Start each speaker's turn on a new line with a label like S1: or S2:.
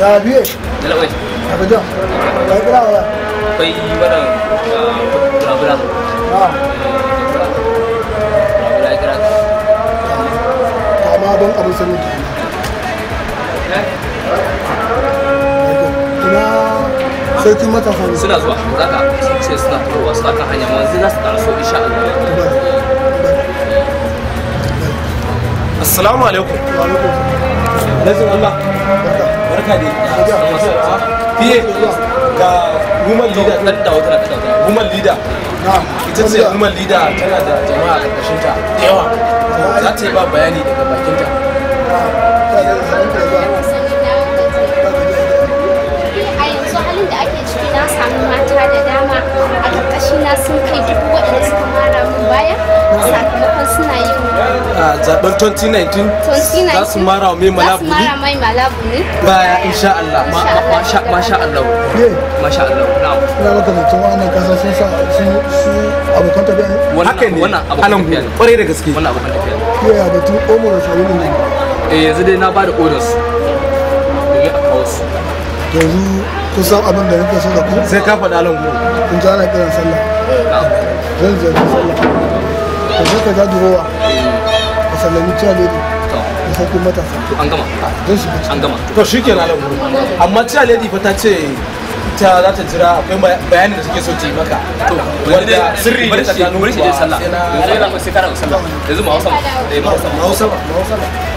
S1: ya biye dalabai abuja ya kira wa kai wannan rabura ah rabura kira ka amma ban abin sanin ta ina sarkin suna zuwa zaka ce suna turowa suna kan hanya ma zai za su ƙara so Allah assalamu alaikum alaikum Allah barka da fiye ga woman leader ɗan da wata da leader ita ce woman leader tana da jama'a ƙarƙashin ta da yawa za ta yi ba bayani daga bakinta a yanzu da ake ciki na samu mata da dama a ƙarƙashina sun kai duk waɗanda suka zaben 2019 za su mara wa maimala ba ya baya insha Allah masha Allah masha Allah na ina maka wannan kasa sun sa sun su abokan tafiya ne haka ne wannan abokan tafiya ne da gaske wannan abokan tafiya ne da tun omar shawarar ne eh yanzu dai na bada orders domin a kawo su yanzu kun san abin da nake so da ku sai ka faɗa lan ku kun ji ana kiran sallah zan ziyarci sallah ka je ka ja durowa eh. sallami cewa ne da sarkin matasa an gama shi ah, shiga an gama to shi ke lagu amma cewa fa ta ce ta za ta jira akwai bayani da suke so ta maka to wanda sirri ne shi kuwa sai sai na sai na sai na sai na sai na ma ma